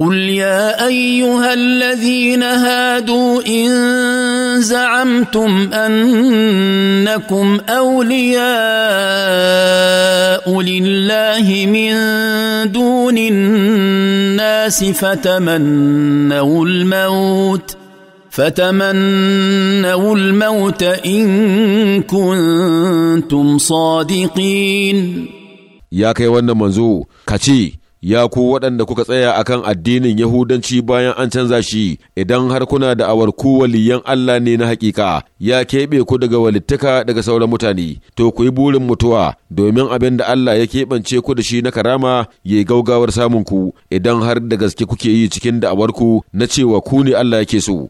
قل يا ايها الذين هادوا ان زعمتم انكم اولياء لله من دون الناس فتمنوا الموت فتمنوا الموت ان كنتم صادقين يا كي وانا manzo kace ya ku waɗanda kuka tsaya a kan addinin Yahudanci bayan an canza shi, idan har kuna da awar ku waliyan Allah ne na hakika, ya keɓe ku daga walittaka daga sauran mutane, to ku yi burin mutuwa, domin abin da Allah ya keɓance ku da shi na karama ya yi gaugawar samun ku, idan har da gaske kuke yi cikin da'awarku na cewa ku ne Allah yake so.